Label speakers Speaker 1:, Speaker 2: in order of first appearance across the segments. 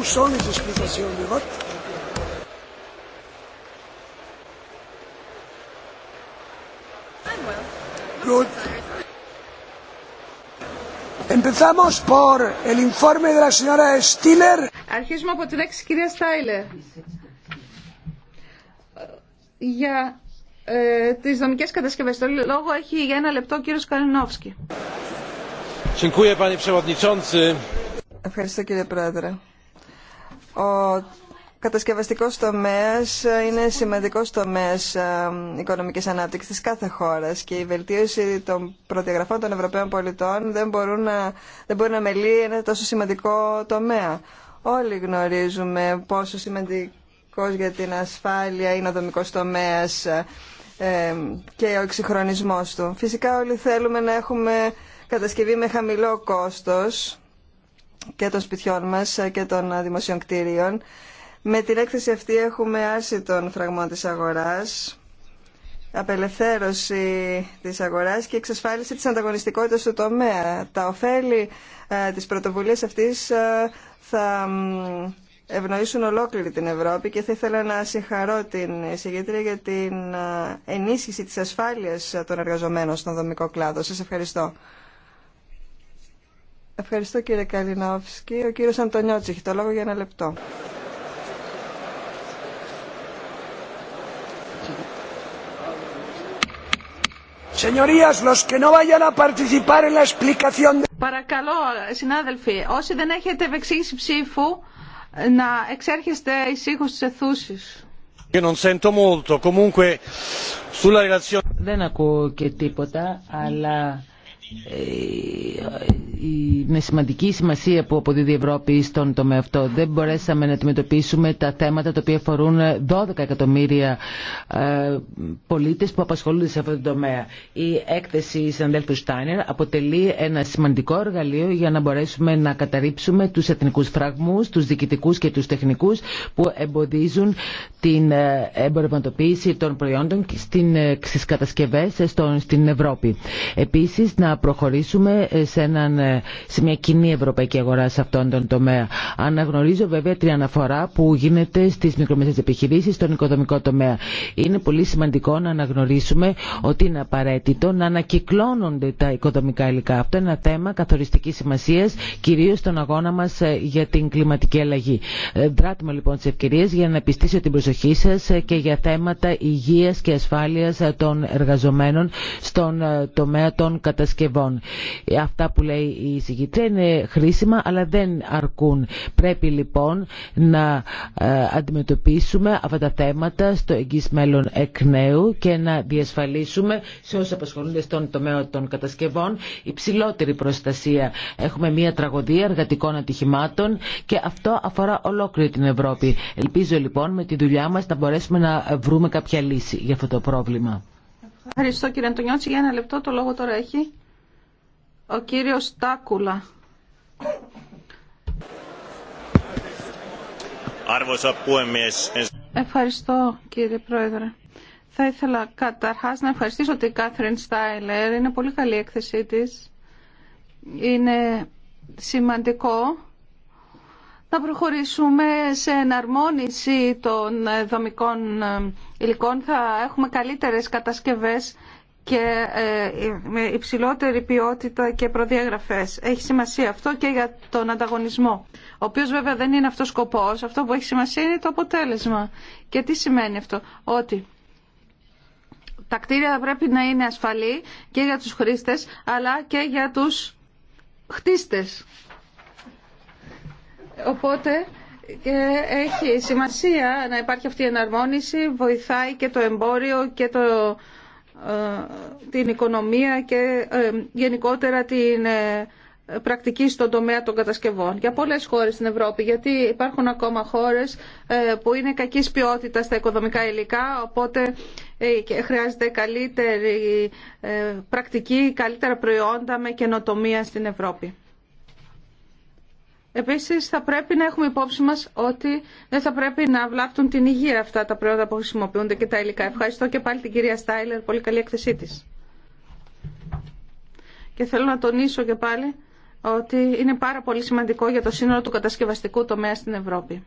Speaker 1: Où sont les explications de vote Good. Empezamos por el informe de la señora Stiller.
Speaker 2: Αρχίζουμε από τη λέξη κυρία Στάιλερ. Για ε, τις δομικές κατασκευές. Το λόγο έχει για ένα λεπτό
Speaker 1: ο κύριος Καλινόφσκι. Ευχαριστώ κύριε Πρόεδρε. Ο κατασκευαστικός τομέας είναι σημαντικός τομέας ε, οικονομικής ανάπτυξης της κάθε χώρας και η βελτίωση των προδιαγραφών των Ευρωπαίων πολιτών δεν, μπορούν να, δεν μπορεί να μελεί ένα τόσο σημαντικό τομέα. Όλοι γνωρίζουμε πόσο σημαντικός για την ασφάλεια είναι ο δομικός τομέας ε, και ο εξυγχρονισμός του. Φυσικά όλοι θέλουμε να έχουμε κατασκευή με χαμηλό κόστος και των σπιτιών μας και των δημοσίων κτίριων. Με την έκθεση αυτή έχουμε άρση των φραγμών της αγοράς, απελευθέρωση της αγοράς και εξασφάλιση της ανταγωνιστικότητας του τομέα. Τα ωφέλη ε, της πρωτοβουλίας αυτής ε, θα ευνοήσουν ολόκληρη την Ευρώπη και θα ήθελα να συγχαρώ την εισηγήτρια για την ε, ενίσχυση της ασφάλειας των εργαζομένων στον δομικό κλάδο. Σας ευχαριστώ. Ευχαριστώ κύριε Καλινόφσκι. Ο κύριος Αντωνιώτης έχει το λόγο για ένα λεπτό.
Speaker 2: Παρακαλώ, συνάδελφοι, όσοι δεν έχετε ευεξήγηση ψήφου, να εξέρχεστε ησύχω τη αιθούση.
Speaker 3: Δεν ακούω και τίποτα, αλλά ε, ε, είναι σημαντική σημασία που αποδίδει η Ευρώπη στον τομέα αυτό. Δεν μπορέσαμε να αντιμετωπίσουμε τα θέματα τα οποία αφορούν 12 εκατομμύρια ε, πολίτες που απασχολούνται σε αυτό το τομέα. Η έκθεση Σανδέλφου Στάινερ αποτελεί ένα σημαντικό εργαλείο για να μπορέσουμε να καταρρύψουμε τους εθνικούς φραγμούς, τους διοικητικούς και τους τεχνικούς που εμποδίζουν την εμπορευματοποίηση των προϊόντων στις κατασκευέ στην Ευρώπη. να προχωρήσουμε ε, σε, έναν, ε, σε μια κοινή ευρωπαϊκή αγορά σε αυτόν τον τομέα. Αναγνωρίζω βέβαια την αναφορά που γίνεται στις μικρομεσαίες επιχειρήσεις στον οικοδομικό τομέα. Είναι πολύ σημαντικό να αναγνωρίσουμε ότι είναι απαραίτητο να ανακυκλώνονται τα οικοδομικά υλικά. Αυτό είναι ένα θέμα καθοριστικής σημασίας, κυρίως στον αγώνα μας ε, για την κλιματική αλλαγή. Δράτουμε λοιπόν τις ευκαιρίες για να επιστήσω την προσοχή σας και για θέματα υγείας και ασφάλειας των εργαζομένων στον τομέα των κατασκευών συσκευών. Λοιπόν, αυτά που λέει η συγκήτρια είναι χρήσιμα αλλά δεν αρκούν. Πρέπει λοιπόν να ε, αντιμετωπίσουμε αυτά τα θέματα στο εγγύς μέλλον εκ νέου και να διασφαλίσουμε σε όσους απασχολούνται στον τομέα των κατασκευών υψηλότερη προστασία. Έχουμε μια τραγωδία εργατικών ατυχημάτων και αυτό αφορά ολόκληρη την Ευρώπη. Ελπίζω λοιπόν με τη δουλειά μας να μπορέσουμε να βρούμε κάποια λύση για αυτό το πρόβλημα.
Speaker 2: Ευχαριστώ κύριε Αντωνιώτση. Για ένα λεπτό το λόγο τώρα έχει ο κύριος Τάκουλα. Ευχαριστώ κύριε Πρόεδρε. Θα ήθελα καταρχάς να ευχαριστήσω την Κάθριν Στάιλερ. Είναι πολύ καλή η έκθεσή της. Είναι σημαντικό να προχωρήσουμε σε εναρμόνιση των δομικών ε, υλικών. Θα έχουμε καλύτερες κατασκευές και ε, με υψηλότερη ποιότητα και προδιαγραφές. Έχει σημασία αυτό και για τον ανταγωνισμό, ο οποίος βέβαια δεν είναι αυτός σκοπός. Αυτό που έχει σημασία είναι το αποτέλεσμα. Και τι σημαίνει αυτό, ότι τα κτίρια πρέπει να είναι ασφαλή και για τους χρήστες, αλλά και για τους χτίστες. Οπότε ε, έχει σημασία να υπάρχει αυτή η εναρμόνιση, βοηθάει και το εμπόριο και το ε, την οικονομία και ε, γενικότερα την ε, πρακτική στον τομέα των κατασκευών για πολλές χώρες στην Ευρώπη γιατί υπάρχουν ακόμα χώρες που είναι κακής ποιότητας στα οικοδομικά υλικά οπότε χρειάζεται καλύτερη πρακτική, καλύτερα προϊόντα με καινοτομία στην Ευρώπη. Επίση, θα πρέπει να έχουμε υπόψη μα ότι δεν θα πρέπει να βλάπτουν την υγεία αυτά τα προϊόντα που χρησιμοποιούνται και τα υλικά. Ευχαριστώ και πάλι την κυρία Στάιλερ, πολύ καλή έκθεσή τη. Και θέλω να τονίσω και πάλι ότι είναι πάρα πολύ σημαντικό για το σύνολο του κατασκευαστικού τομέα στην Ευρώπη.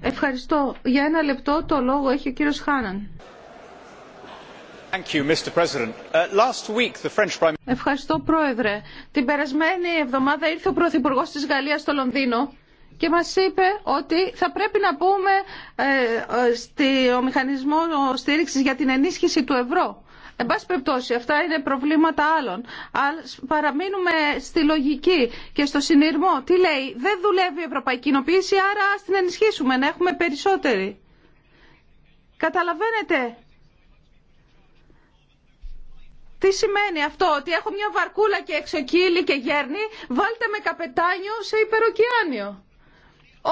Speaker 2: Ευχαριστώ. Για ένα λεπτό το λόγο έχει ο κύριος Χάναν. Ευχαριστώ, Πρόεδρε. Την περασμένη εβδομάδα ήρθε ο Πρωθυπουργός της Γαλλίας στο Λονδίνο και μας είπε ότι θα πρέπει να πούμε ε, ε, στο μηχανισμό στήριξης για την ενίσχυση του ευρώ. Εν πάση περιπτώσει, αυτά είναι προβλήματα άλλων. Αν παραμείνουμε στη λογική και στο συνειρμό, τι λέει, δεν δουλεύει η ευρωπαϊκή κοινοποίηση, άρα ας την ενισχύσουμε, να έχουμε περισσότερη. Καταλαβαίνετε τι σημαίνει αυτό, ότι έχω μια βαρκούλα και εξοκύλει και γέρνει, βάλτε με καπετάνιο σε υπεροκειάνιο.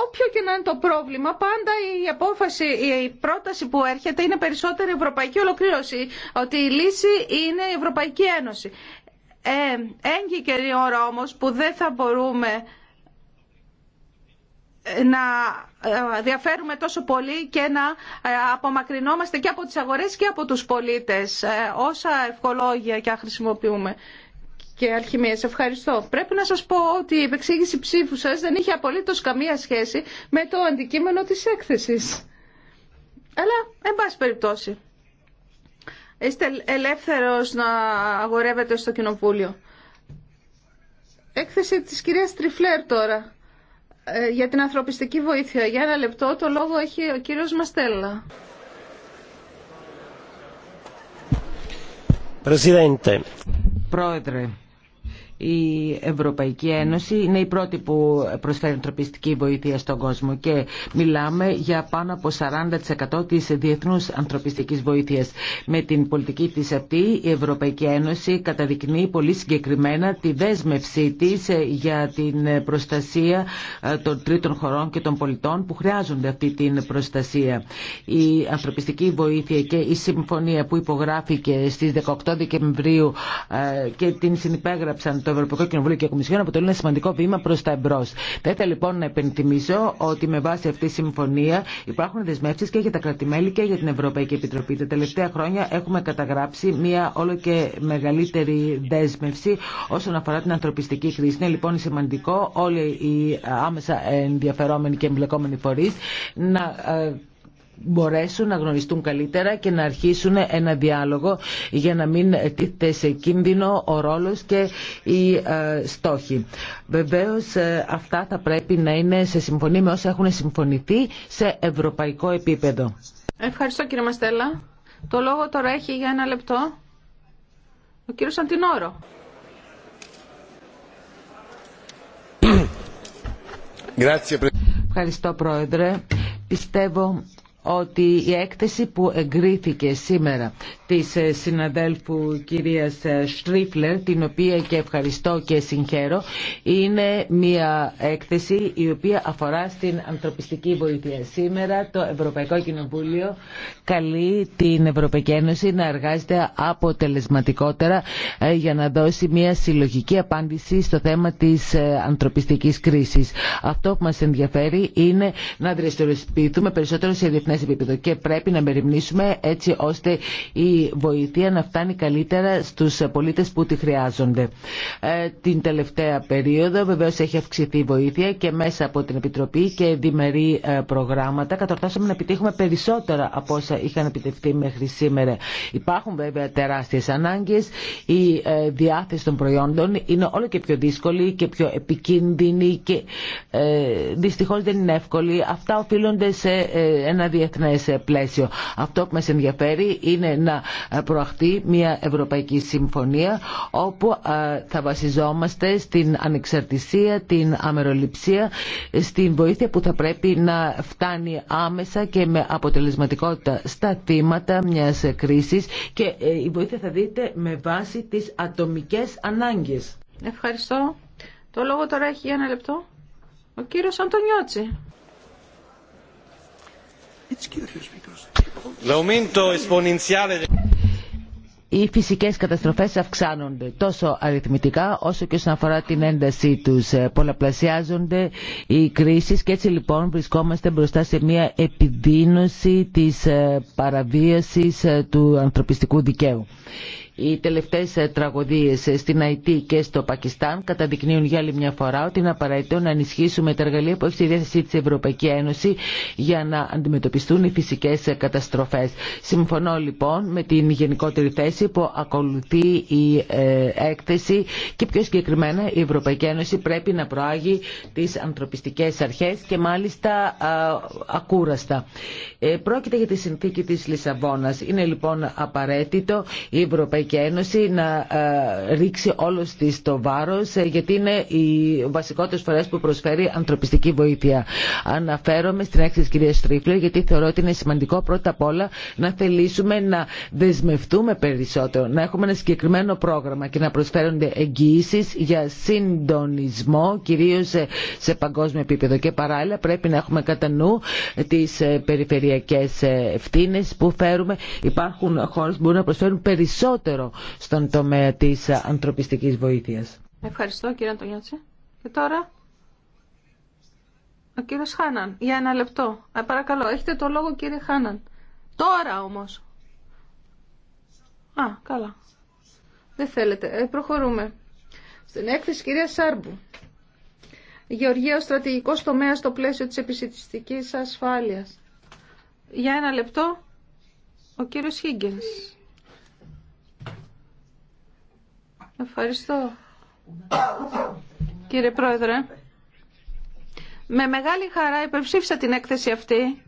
Speaker 2: Όποιο και να είναι το πρόβλημα, πάντα η απόφαση, η πρόταση που έρχεται είναι περισσότερη ευρωπαϊκή ολοκλήρωση. Ότι η λύση είναι η Ευρωπαϊκή Ένωση. Ε, έγκυκε η ώρα όμως που δεν θα μπορούμε να ε, διαφέρουμε τόσο πολύ και να ε, απομακρυνόμαστε και από τις αγορές και από τους πολίτες ε, όσα ευχολόγια και αν χρησιμοποιούμε και σε Ευχαριστώ. Πρέπει να σας πω ότι η επεξήγηση ψήφου σας δεν είχε απολύτως καμία σχέση με το αντικείμενο της έκθεσης. Αλλά, εν πάση περιπτώσει, είστε ελεύθερος να αγορεύετε στο κοινοβούλιο. Έκθεση της κυρίας Τριφλέρ τώρα ε, για την ανθρωπιστική βοήθεια. Για ένα λεπτό το λόγο έχει ο κύριος Μαστέλλα.
Speaker 3: Πρόεδρε, η Ευρωπαϊκή Ένωση είναι η πρώτη που προσφέρει ανθρωπιστική βοήθεια στον κόσμο και μιλάμε για πάνω από 40% της διεθνούς ανθρωπιστικής βοήθειας. Με την πολιτική της αυτή η Ευρωπαϊκή Ένωση καταδεικνύει πολύ συγκεκριμένα τη δέσμευσή της ε, για την προστασία ε, των τρίτων χωρών και των πολιτών που χρειάζονται αυτή την προστασία. Η ανθρωπιστική βοήθεια και η συμφωνία που υπογράφηκε στις 18 Δεκεμβρίου ε, και την συνυπέγραψαν το Ευρωπαϊκό Κοινοβούλιο και η Κομισιόν αποτελούν ένα σημαντικό βήμα προ τα εμπρό. Θα ήθελα λοιπόν να επενθυμίσω ότι με βάση αυτή τη συμφωνία υπάρχουν δεσμεύσει και για τα κρατημέλη και για την Ευρωπαϊκή Επιτροπή. Τα τελευταία χρόνια έχουμε καταγράψει μια όλο και μεγαλύτερη δέσμευση όσον αφορά την ανθρωπιστική χρήση. Είναι λοιπόν σημαντικό όλοι οι άμεσα ενδιαφερόμενοι και εμπλεκόμενοι φορεί να ε, μπορέσουν να γνωριστούν καλύτερα και να αρχίσουν ένα διάλογο για να μην τίθεται σε κίνδυνο ο ρόλος και οι ε, στόχοι. Βεβαίως ε, αυτά θα πρέπει να είναι σε συμφωνία με όσα έχουν συμφωνηθεί σε ευρωπαϊκό επίπεδο.
Speaker 2: Ευχαριστώ κύριε Μαστέλα. Το λόγο τώρα έχει για ένα λεπτό ο κύριος Αντινόρο.
Speaker 3: Ευχαριστώ πρόεδρε. Πιστεύω ότι η έκθεση που εγκρίθηκε σήμερα της ε, συναδέλφου κυρίας ε, Στρίφλερ, την οποία και ευχαριστώ και συγχαίρω, είναι μια έκθεση η οποία αφορά στην ανθρωπιστική βοήθεια. Σήμερα το Ευρωπαϊκό Κοινοβούλιο καλεί την Ευρωπαϊκή Ένωση να εργάζεται αποτελεσματικότερα ε, για να δώσει μια συλλογική απάντηση στο θέμα της ανθρωπιστικής κρίσης. Αυτό που μας ενδιαφέρει είναι να δραστηριοποιηθούμε περισσότερο σε επίπεδο και πρέπει να μεριμνήσουμε έτσι ώστε η βοηθεία να φτάνει καλύτερα στους πολίτες που τη χρειάζονται. Ε, την τελευταία περίοδο βεβαίως έχει αυξηθεί η βοήθεια και μέσα από την Επιτροπή και διμερεί ε, προγράμματα κατορθώσαμε να επιτύχουμε περισσότερα από όσα είχαν επιτευχθεί μέχρι σήμερα. Υπάρχουν βέβαια τεράστιες ανάγκες, η ε, διάθεση των προϊόντων είναι όλο και πιο δύσκολη και πιο επικίνδυνη και δυστυχώς δεν είναι εύκολη. Αυτά οφείλονται σε ένα διεθνές πλαίσιο. Αυτό που μας ενδιαφέρει είναι να προαχθεί μια Ευρωπαϊκή Συμφωνία όπου θα βασιζόμαστε στην ανεξαρτησία, την αμεροληψία, στην βοήθεια που θα πρέπει να φτάνει άμεσα και με αποτελεσματικότητα στα θύματα μιας κρίσης και ε, η βοήθεια θα δείτε με βάση τις ατομικές ανάγκες. Ευχαριστώ. Το λόγο τώρα έχει ένα λεπτό. Ο κύριος Αντωνιώτση. Οι φυσικέ καταστροφέ αυξάνονται τόσο αριθμητικά όσο και όσον αφορά την έντασή τους. Ε, πολλαπλασιάζονται οι κρίσει, και έτσι λοιπόν βρισκόμαστε μπροστά σε μια επιδείνωση της ε, παραβίασης ε, του ανθρωπιστικού δικαίου. Οι τελευταίες ε, τραγωδίες ε, στην Αϊτή και στο Πακιστάν καταδεικνύουν για άλλη μια φορά ότι είναι απαραίτητο να ενισχύσουμε τα εργαλεία που έχει στη διάθεσή της Ευρωπαϊκή Ένωση για να αντιμετωπιστούν οι φυσικές ε, καταστροφές. Συμφωνώ λοιπόν με την γενικότερη θέση που ακολουθεί η έκθεση και πιο συγκεκριμένα η Ευρωπαϊκή Ένωση πρέπει να προάγει τις ανθρωπιστικές αρχές και μάλιστα ακούραστα. πρόκειται για τη συνθήκη της Λισαβόνας. Είναι λοιπόν απαραίτητο η Ευρωπαϊκή Ευρωπαϊκή Ένωση να ε, ρίξει όλο τη το βάρο, ε, γιατί είναι οι βασικότερε φορέ που προσφέρει ανθρωπιστική βοήθεια. Αναφέρομαι στην έκθεση τη κυρία Στρίφλερ γιατί θεωρώ ότι είναι σημαντικό πρώτα απ' όλα να θελήσουμε να δεσμευτούμε περισσότερο, να έχουμε ένα συγκεκριμένο πρόγραμμα και να προσφέρονται εγγυήσει για συντονισμό κυρίω ε, σε, παγκόσμιο επίπεδο και παράλληλα πρέπει να έχουμε κατά νου τις περιφερειακές ευθύνε που φέρουμε. Υπάρχουν χώρε που μπορούν να προσφέρουν περισσότερο περισσότερο στον τομέα της ανθρωπιστικής βοήθειας.
Speaker 2: Ευχαριστώ κύριε Αντωνιώτση. Και τώρα ο κύριος Χάναν για ένα λεπτό. Ε, παρακαλώ, έχετε το λόγο κύριε Χάναν. Τώρα όμως. Α, καλά. Δεν θέλετε. Ε, προχωρούμε. Στην έκθεση κυρία Σάρμπου. Γεωργία ο στρατηγικό τομέας στο πλαίσιο τη επιστημιστική ασφάλεια. Για ένα λεπτό, ο κύριο Χίγκεν. Ευχαριστώ. Κύριε Πρόεδρε, με μεγάλη χαρά υπερψήφισα την έκθεση αυτή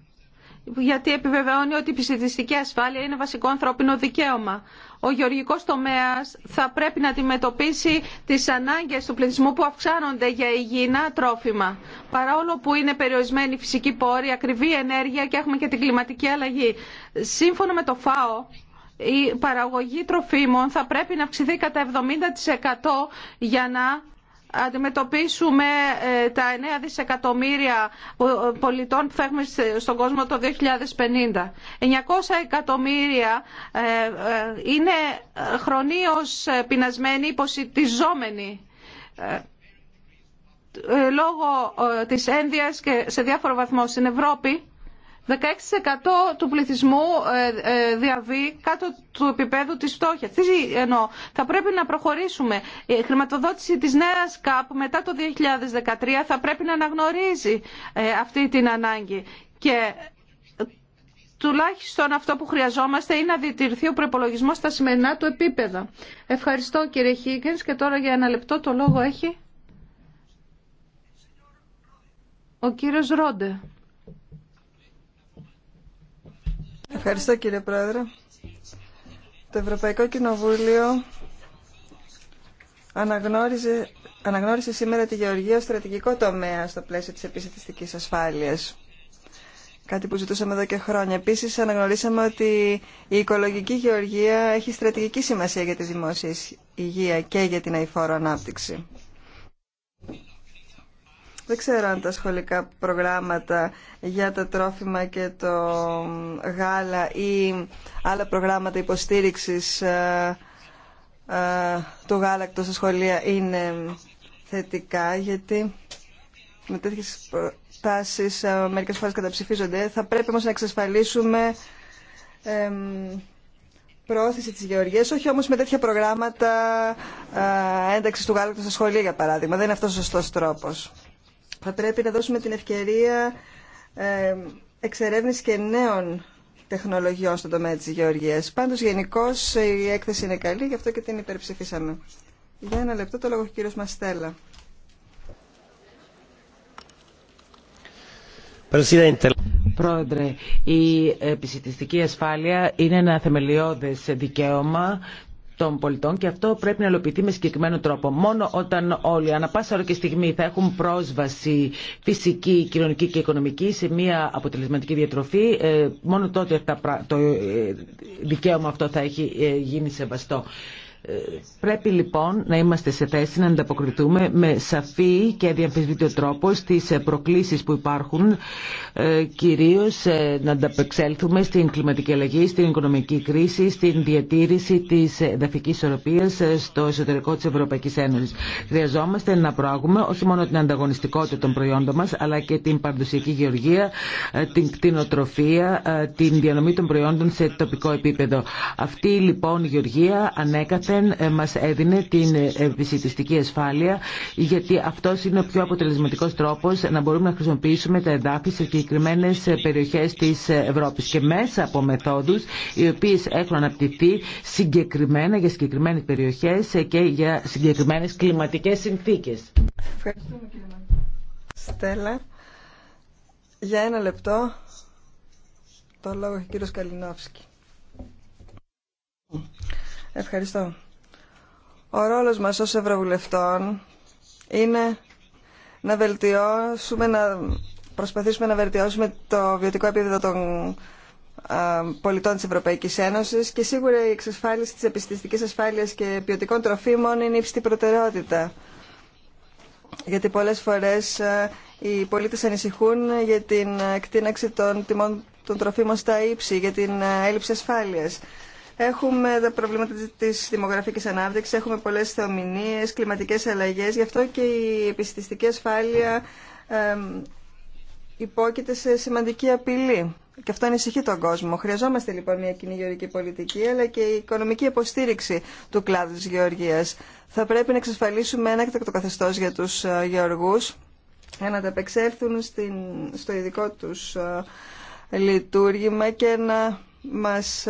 Speaker 2: γιατί επιβεβαιώνει ότι η ψηφιστική ασφάλεια είναι βασικό ανθρώπινο δικαίωμα. Ο γεωργικό τομέας θα πρέπει να αντιμετωπίσει τις ανάγκες του πληθυσμού που αυξάνονται για υγιεινά τρόφιμα. Παρόλο που είναι περιορισμένη η φυσική πόρη, ακριβή ενέργεια και έχουμε και την κλιματική αλλαγή. Σύμφωνα με το ΦΑΟ, η παραγωγή τροφίμων θα πρέπει να αυξηθεί κατά 70% για να αντιμετωπίσουμε ε, τα 9 δισεκατομμύρια ε, πολιτών που θα έχουμε στον κόσμο το 2050. 900 εκατομμύρια ε, είναι χρονίως πεινασμένοι, υποσυτιζόμενοι λόγω της ένδυας και σε διάφορο βαθμό στην Ευρώπη 16% του πληθυσμού ε, ε, διαβεί κάτω του επίπεδου της φτώχειας. Τι εννοώ, θα πρέπει να προχωρήσουμε. Η χρηματοδότηση της νέας ΚΑΠ μετά το 2013 θα πρέπει να αναγνωρίζει ε, αυτή την ανάγκη. Και τουλάχιστον αυτό που χρειαζόμαστε είναι να διατηρηθεί ο προπολογισμό στα σημερινά του επίπεδα. Ευχαριστώ κύριε Χίγκενς και τώρα για ένα λεπτό το λόγο έχει ο κύριος Ρόντε.
Speaker 1: Ευχαριστώ κύριε Πρόεδρε. Το Ευρωπαϊκό Κοινοβούλιο αναγνώρισε, αναγνώρισε σήμερα τη γεωργία ως στρατηγικό τομέα στο πλαίσιο της επιστημιστικής ασφάλειας. Κάτι που ζητούσαμε εδώ και χρόνια. Επίσης αναγνωρίσαμε ότι η οικολογική γεωργία έχει στρατηγική σημασία για τη δημόσια υγεία και για την αηφόρο ανάπτυξη. Δεν ξέρω αν τα σχολικά προγράμματα για τα τρόφιμα και το γάλα ή άλλα προγράμματα υποστήριξης ε, ε, του γάλακτος στα σχολεία είναι θετικά, γιατί με τέτοιες προτάσεις ε, μερικές φορές καταψηφίζονται. Θα πρέπει όμως να εξασφαλίσουμε πρόθεση της γεωργίας, όχι όμως με τέτοια προγράμματα ένταξης του γάλακτος στα σχολεία, για παράδειγμα. Δεν είναι αυτός ο σωστός τρόπος. Θα πρέπει να δώσουμε την ευκαιρία ε, εξερεύνηση και νέων τεχνολογιών στον τομέα της γεωργίας. Πάντως γενικώ η έκθεση είναι καλή, γι' αυτό και την υπερψηφίσαμε. Για ένα λεπτό το λόγο ο κύριος Μαστέλα.
Speaker 3: Πρόεδρε, η επιστημιστική ασφάλεια είναι ένα θεμελιώδες δικαίωμα των πολιτών και αυτό πρέπει να ελοπιθεί με συγκεκριμένο τρόπο. Μόνο όταν όλοι, ανά πάσα ώρα και στιγμή, θα έχουν πρόσβαση φυσική, κοινωνική και οικονομική σε μια αποτελεσματική διατροφή, ε, μόνο τότε το ε, δικαίωμα αυτό θα έχει ε, γίνει σεβαστό. Πρέπει λοιπόν να είμαστε σε θέση να ανταποκριθούμε με σαφή και διαμφισβήτητο τρόπο στις προκλήσεις που υπάρχουν, ε, κυρίως ε, να ανταπεξέλθουμε στην κλιματική αλλαγή, στην οικονομική κρίση, στην διατήρηση της εδαφικής ισορροπίας ε, στο εσωτερικό της Ευρωπαϊκής Ένωσης. Χρειαζόμαστε να προάγουμε όχι μόνο την ανταγωνιστικότητα των προϊόντων μας, αλλά και την παραδοσιακή γεωργία, την κτηνοτροφία, την διανομή των προϊόντων σε τοπικό επίπεδο. Αυτή λοιπόν η γεωργία ανέκαθε δεν ε, μας έδινε την επισητιστική ασφάλεια γιατί αυτός είναι ο πιο αποτελεσματικός τρόπος να μπορούμε να χρησιμοποιήσουμε τα εδάφη σε συγκεκριμένε ε, περιοχές της ε, Ευρώπης και μέσα από μεθόδους οι οποίες έχουν αναπτυχθεί συγκεκριμένα για συγκεκριμένες περιοχές και για συγκεκριμένες κλιματικές συνθήκες.
Speaker 1: Στέλλα. Για ένα λεπτό το λόγο έχει ο κύριος Καλινόφσκι. Ευχαριστώ. Ο ρόλος μας ως Ευρωβουλευτών είναι να βελτιώσουμε, να προσπαθήσουμε να βελτιώσουμε το βιωτικό επίπεδο των πολιτών της Ευρωπαϊκής Ένωσης και σίγουρα η εξασφάλιση της επιστηστικής ασφάλειας και ποιοτικών τροφίμων είναι ύψητη προτεραιότητα. Γιατί πολλές φορές οι πολίτες ανησυχούν για την εκτείναξη των τιμών των τροφίμων στα ύψη, για την έλλειψη ασφάλειας. Έχουμε τα προβλήματα τη δημογραφική ανάπτυξη, έχουμε πολλέ θεομηνίε, κλιματικέ αλλαγέ, γι' αυτό και η επιστηστική ασφάλεια ε, υπόκειται σε σημαντική απειλή. Και αυτό ανησυχεί τον κόσμο. Χρειαζόμαστε λοιπόν μια κοινή γεωργική πολιτική, αλλά και η οικονομική υποστήριξη του κλάδου τη γεωργίας. Θα πρέπει να εξασφαλίσουμε ένα εκτακτό καθεστώ για τους ε, γεωργού για να ανταπεξέλθουν στην, στο ειδικό τους ε, λειτουργήμα και να μας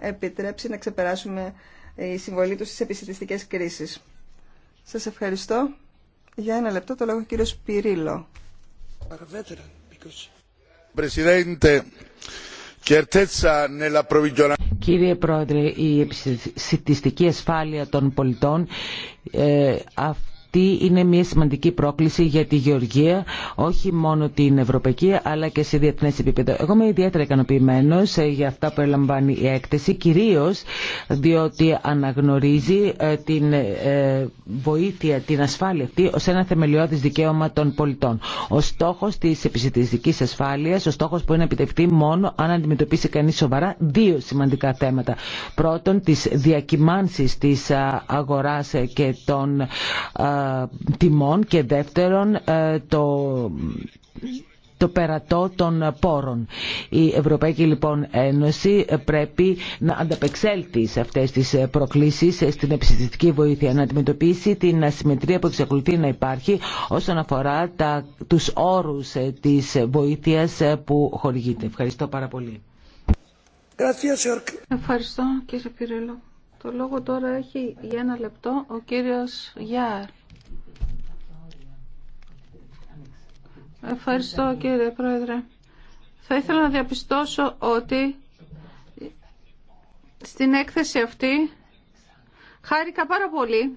Speaker 1: επιτρέψει να ξεπεράσουμε η συμβολή του στις επιστημιστικές κρίσεις. Σας ευχαριστώ. Για ένα λεπτό το λόγο ο κύριος Πυρίλο.
Speaker 3: Κύριε Πρόεδρε, η επιστημιστική ασφάλεια των πολιτών ε, αυτή είναι μια σημαντική πρόκληση για τη Γεωργία, όχι μόνο την Ευρωπαϊκή, αλλά και σε διεθνέ επίπεδο. Εγώ είμαι ιδιαίτερα ικανοποιημένο ε, για αυτά που ελαμβάνει η έκθεση, κυρίω διότι αναγνωρίζει ε, την ε, βοήθεια, την ασφάλεια αυτή ω ένα θεμελιώδη δικαίωμα των πολιτών. Ο στόχο τη επιστημιστική ασφάλεια, ο στόχο που είναι επιτευχθεί μόνο αν αντιμετωπίσει κανεί σοβαρά δύο σημαντικά θέματα. Πρώτον, τι διακυμάνσει τη αγορά και των τιμών και δεύτερον ε, το το περατό των πόρων. Η Ευρωπαϊκή λοιπόν Ένωση πρέπει να ανταπεξέλθει σε αυτές τις προκλήσεις στην επιστημιστική βοήθεια, να αντιμετωπίσει την ασυμμετρία που εξακολουθεί να υπάρχει όσον αφορά τα, τους όρους ε, της βοήθειας ε, που χορηγείται. Ευχαριστώ πάρα πολύ.
Speaker 2: Ευχαριστώ κύριε Πυρίλο. Το λόγο τώρα έχει για ένα λεπτό ο κύριος Γιάρ. Ευχαριστώ κύριε Πρόεδρε. Θα ήθελα να διαπιστώσω ότι στην έκθεση αυτή χάρηκα πάρα πολύ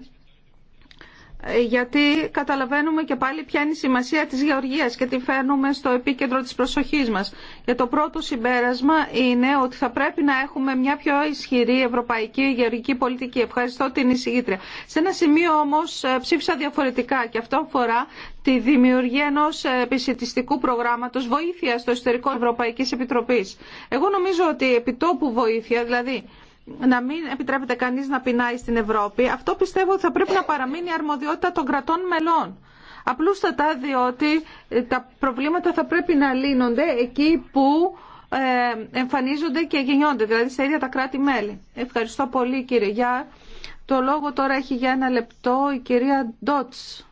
Speaker 2: ε, γιατί καταλαβαίνουμε και πάλι ποια είναι η σημασία της γεωργίας και τη φέρνουμε στο επίκεντρο της προσοχής μας. Και το πρώτο συμπέρασμα είναι ότι θα πρέπει να έχουμε μια πιο ισχυρή ευρωπαϊκή γεωργική πολιτική. Ευχαριστώ την εισηγήτρια. Σε ένα σημείο όμως ε, ψήφισα διαφορετικά και αυτό αφορά τη δημιουργία ενός ε, επισητιστικού προγράμματος βοήθεια στο εσωτερικό Ευρωπαϊκής Επιτροπής. Εγώ νομίζω ότι επιτόπου βοήθεια, δηλαδή να μην επιτρέπεται κανείς να πεινάει στην Ευρώπη, αυτό πιστεύω ότι θα πρέπει να παραμείνει η αρμοδιότητα των κρατών μελών. Απλούστατα διότι ε, τα προβλήματα θα πρέπει να λύνονται εκεί που ε, εμφανίζονται και γεννιόνται, δηλαδή στα ίδια τα κράτη-μέλη. Ευχαριστώ πολύ κύριε Γιά. Το λόγο τώρα έχει για ένα λεπτό η κυρία Ντότς.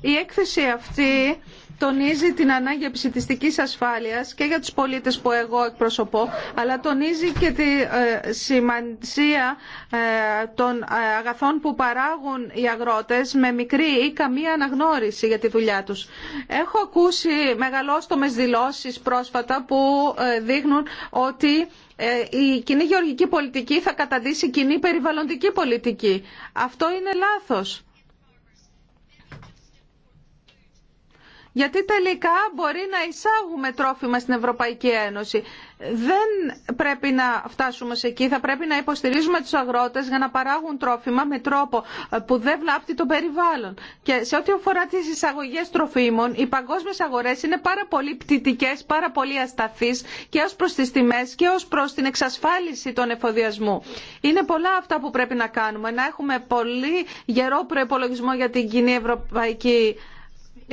Speaker 2: Η έκθεση αυτή τονίζει την ανάγκη επιστημιστική ασφάλειας και για τους πολίτες που εγώ εκπροσωπώ, αλλά τονίζει και τη ε, σημασία ε, των ε, αγαθών που παράγουν οι αγρότες με μικρή ή καμία αναγνώριση για τη δουλειά τους. Έχω ακούσει μεγαλόστομε δηλώσει πρόσφατα που δείχνουν ότι η κοινή γεωργική πολιτική θα καταντήσει κοινή περιβαλλοντική πολιτική. Αυτό είναι λάθος. Γιατί τελικά μπορεί να εισάγουμε τρόφιμα στην Ευρωπαϊκή Ένωση. Δεν πρέπει να φτάσουμε σε εκεί. Θα πρέπει να υποστηρίζουμε τους αγρότες για να παράγουν τρόφιμα με τρόπο ε, που δεν βλάπτει τον περιβάλλον. Και σε ό,τι αφορά τις εισαγωγές τροφίμων, οι παγκόσμιες αγορές είναι πάρα πολύ πτητικές, πάρα πολύ ασταθείς και ως προς τις τιμές και ως προς την εξασφάλιση των εφοδιασμού. Είναι πολλά αυτά που πρέπει να κάνουμε. Να έχουμε πολύ γερό προπολογισμό για την κοινή ευρωπαϊκή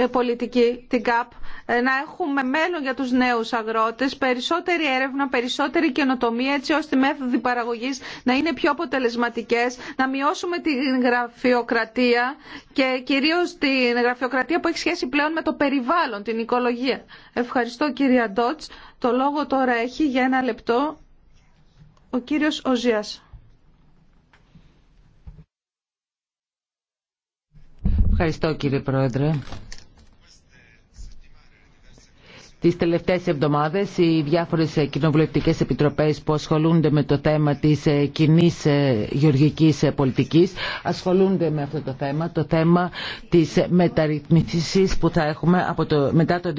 Speaker 2: ε, πολιτική, την ΚΑΠ, ε, να έχουμε μέλλον για τους νέους αγρότες, περισσότερη έρευνα, περισσότερη καινοτομία, έτσι ώστε οι μέθοδοι παραγωγής να είναι πιο αποτελεσματικές, να μειώσουμε την γραφειοκρατία και κυρίως την γραφειοκρατία που έχει σχέση πλέον με το περιβάλλον, την οικολογία. Ευχαριστώ κυρία Ντότς. Το λόγο τώρα έχει για ένα λεπτό ο κύριος Οζίας.
Speaker 3: Ευχαριστώ κύριε Πρόεδρε. Τις τελευταίες εβδομάδες οι διάφορες ε, κοινοβουλευτικές επιτροπές που ασχολούνται με το θέμα της ε, κοινή ε, γεωργικής πολιτικής ασχολούνται με αυτό το θέμα, το θέμα της μεταρρυθμίσης που θα έχουμε από το, μετά το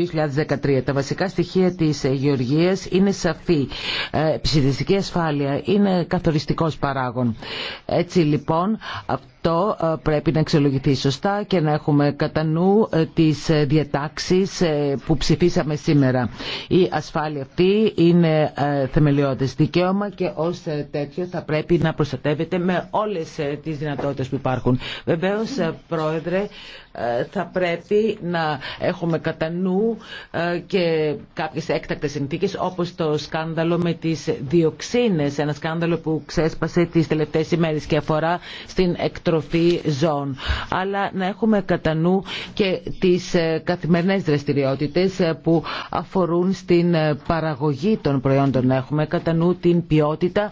Speaker 3: 2013. Τα βασικά στοιχεία της γεωργίας είναι σαφή. Ψηφιστική ασφάλεια είναι καθοριστικός παράγων. Έτσι λοιπόν το ε, πρέπει να εξελογηθεί σωστά και να έχουμε κατά νου ε, τις ε, διατάξεις που ψηφίσαμε σήμερα. Η ασφάλεια αυτή είναι θεμελιώδες δικαίωμα και ως τέτοιο θα πρέπει να προστατεύεται με όλες τις δυνατότητες που υπάρχουν. Βεβαίως, Πρόεδρε, θα πρέπει να έχουμε κατά νου και κάποιες έκτακτες συνθήκες όπως το σκάνδαλο με τις διοξίνες, ένα σκάνδαλο που ξέσπασε τις τελευταίες ημέρες και αφορά στην ζώων. Αλλά να έχουμε κατά νου και τις ε, καθημερινές δραστηριότητες ε, που αφορούν στην ε, παραγωγή των προϊόντων. Να έχουμε κατά νου την ποιότητα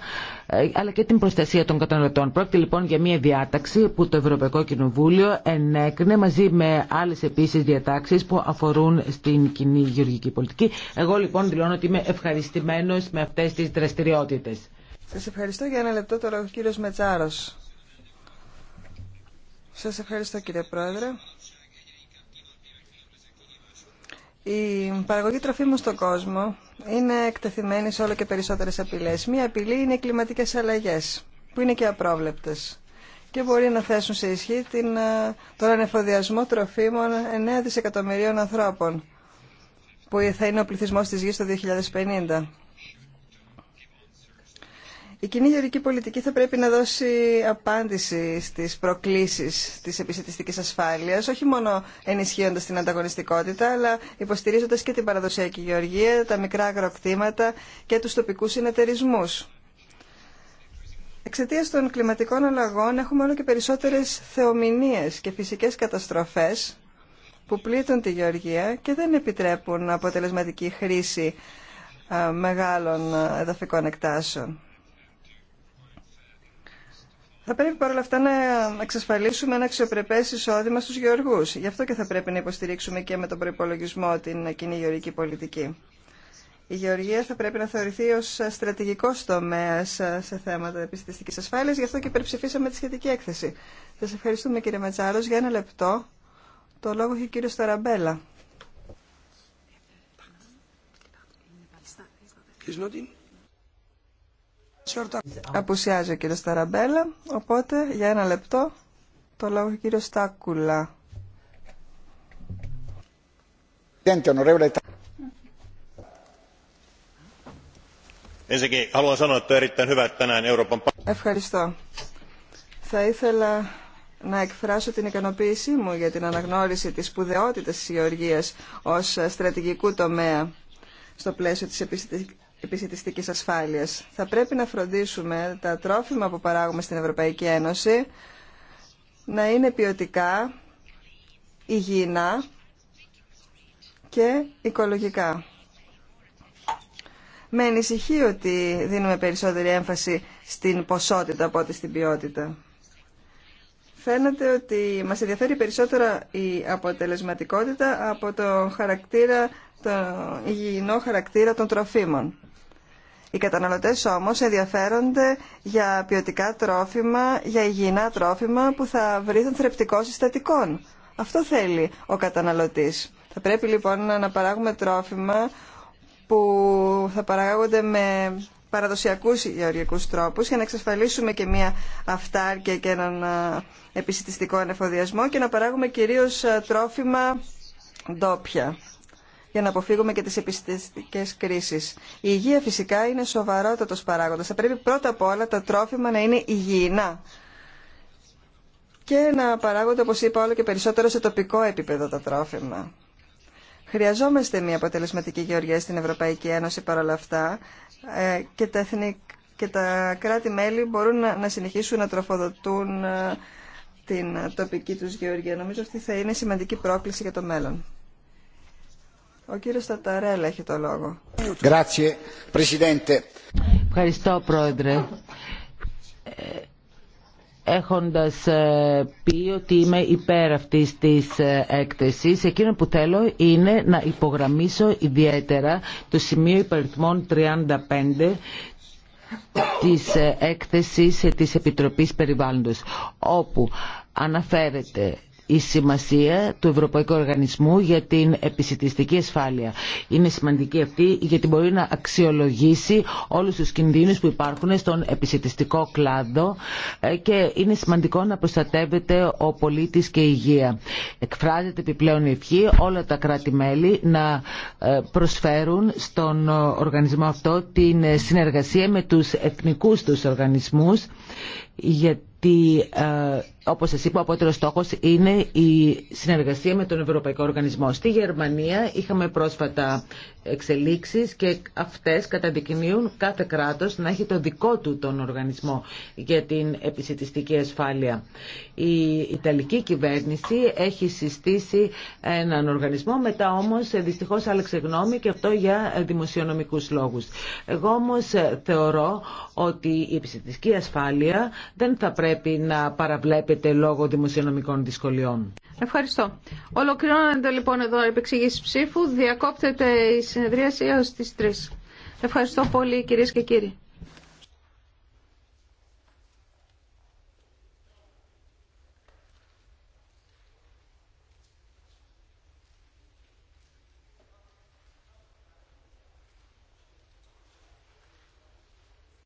Speaker 3: αλλά και την προστασία των καταναλωτών. Πρόκειται λοιπόν για μια διάταξη που το Ευρωπαϊκό Κοινοβούλιο ενέκρινε μαζί με άλλε επίση διατάξει που αφορούν στην κοινή γεωργική πολιτική. Εγώ λοιπόν δηλώνω ότι είμαι ευχαριστημένο με αυτέ τι δραστηριότητε.
Speaker 1: Σα ευχαριστώ για ένα λεπτό τώρα ο κύριο Μετσάρο. Σας ευχαριστώ κύριε Πρόεδρε. Η παραγωγή τροφίμων στον κόσμο είναι εκτεθειμένη σε όλο και περισσότερες απειλές. Μία απειλή είναι οι κλιματικές αλλαγές, που είναι και απρόβλεπτες και μπορεί να θέσουν σε ισχύ την, ε, τον ανεφοδιασμό τροφίμων 9 δισεκατομμυρίων ανθρώπων, που θα είναι ο πληθυσμός της γης το 2050. Η κοινή γεωρική πολιτική θα πρέπει να δώσει απάντηση στις προκλήσεις της επιστημιστικής ασφάλειας, όχι μόνο ενισχύοντας την ανταγωνιστικότητα, αλλά υποστηρίζοντας και την παραδοσιακή γεωργία, τα μικρά αγροκτήματα και τους τοπικούς συνεταιρισμούς. Εξαιτία των κλιματικών αλλαγών έχουμε όλο και περισσότερες θεομηνίες και φυσικές καταστροφές που πλήττουν τη γεωργία και δεν επιτρέπουν αποτελεσματική χρήση μεγάλων εδαφικών εκτάσεων. Θα πρέπει παρόλα αυτά να εξασφαλίσουμε ένα αξιοπρεπέ εισόδημα στου γεωργού. Γι' αυτό και θα πρέπει να υποστηρίξουμε και με τον προπολογισμό την κοινή γεωργική πολιτική. Η γεωργία θα πρέπει να θεωρηθεί ω στρατηγικό τομέα σε θέματα επιστημιστική ασφάλεια, γι' αυτό και υπερψηφίσαμε τη σχετική έκθεση. Σα ευχαριστούμε κύριε Ματσάρο. Για ένα λεπτό, το λόγο έχει ο κύριο Ταραμπέλα. Απουσιάζει ο κύριο Ταραμπέλα, οπότε για ένα λεπτό το λόγο ο Στάκουλα. Ευχαριστώ. Θα ήθελα να εκφράσω την ικανοποίησή μου για την αναγνώριση της σπουδαιότητας της Γεωργίας ως στρατηγικού τομέα στο πλαίσιο της επισητιστικής ασφάλειας. Θα πρέπει να φροντίσουμε τα τρόφιμα που παράγουμε στην Ευρωπαϊκή Ένωση να είναι ποιοτικά, υγιεινά και οικολογικά. Με ανησυχεί ότι δίνουμε περισσότερη έμφαση στην ποσότητα από ό,τι στην ποιότητα. Φαίνεται ότι μας ενδιαφέρει περισσότερο η αποτελεσματικότητα από το χαρακτήρα, το υγιεινό χαρακτήρα των τροφίμων. Οι καταναλωτές όμως ενδιαφέρονται για ποιοτικά τρόφιμα, για υγιεινά τρόφιμα που θα βρίθουν θρεπτικό συστατικών. Αυτό θέλει ο καταναλωτής. Θα πρέπει λοιπόν να παράγουμε τρόφιμα που θα παράγονται με παραδοσιακούς γεωργικούς τρόπους για να εξασφαλίσουμε και μια αυτάρκεια και έναν επισητιστικό ανεφοδιασμό και να παράγουμε κυρίως τρόφιμα ντόπια για να αποφύγουμε και τι επιστημικές κρίσει. Η υγεία φυσικά είναι σοβαρότατο παράγοντα. Θα πρέπει πρώτα απ' όλα τα τρόφιμα να είναι υγιεινά και να παράγονται, όπω είπα, όλο και περισσότερο σε τοπικό επίπεδο τα τρόφιμα. Χρειαζόμαστε μια αποτελεσματική γεωργία στην Ευρωπαϊκή Ένωση παρόλα αυτά ε, και τα, και τα κράτη-μέλη μπορούν να, συνεχίσουν να τροφοδοτούν ε, την τοπική τους γεωργία. Νομίζω ότι θα είναι σημαντική πρόκληση για το μέλλον. Ο κύριος Σταταρέλα έχει το λόγο.
Speaker 3: Ευχαριστώ, Πρόεδρε ε, έχοντας ε, πει ότι είμαι υπέρ αυτής της ε, έκθεσης. Εκείνο που θέλω είναι να υπογραμμίσω ιδιαίτερα το σημείο υπαριθμών 35 της έκθεσης της Επιτροπής Περιβάλλοντος, όπου αναφέρεται η σημασία του Ευρωπαϊκού Οργανισμού για την επισητιστική ασφάλεια. Είναι σημαντική αυτή γιατί μπορεί να αξιολογήσει όλους τους κινδύνους που υπάρχουν στον επισητιστικό κλάδο ε, και είναι σημαντικό να προστατεύεται ο πολίτης και η υγεία. Εκφράζεται επιπλέον η ευχή όλα τα κράτη-μέλη να ε, προσφέρουν στον οργανισμό αυτό την συνεργασία με τους εθνικούς τους οργανισμούς γιατί ε, όπως σα είπα, ο απότερο στόχο είναι η συνεργασία με τον Ευρωπαϊκό Οργανισμό. Στη Γερμανία είχαμε πρόσφατα εξελίξει και αυτές καταδεικνύουν κάθε κράτο να έχει το δικό του τον οργανισμό για την επισητιστική ασφάλεια. Η Ιταλική κυβέρνηση έχει συστήσει έναν οργανισμό, μετά όμω δυστυχώ άλλαξε γνώμη και αυτό για δημοσιονομικού λόγου. Εγώ όμω θεωρώ ότι η επισητιστική ασφάλεια δεν θα πρέπει να παραβλέπεται λόγω δημοσιονομικών δυσκολιών. Ευχαριστώ.
Speaker 2: Ολοκληρώνονται λοιπόν εδώ η επεξηγήση ψήφου. Διακόπτεται η συνεδρίαση έως τις 3. Ευχαριστώ πολύ κυρίες και κύριοι.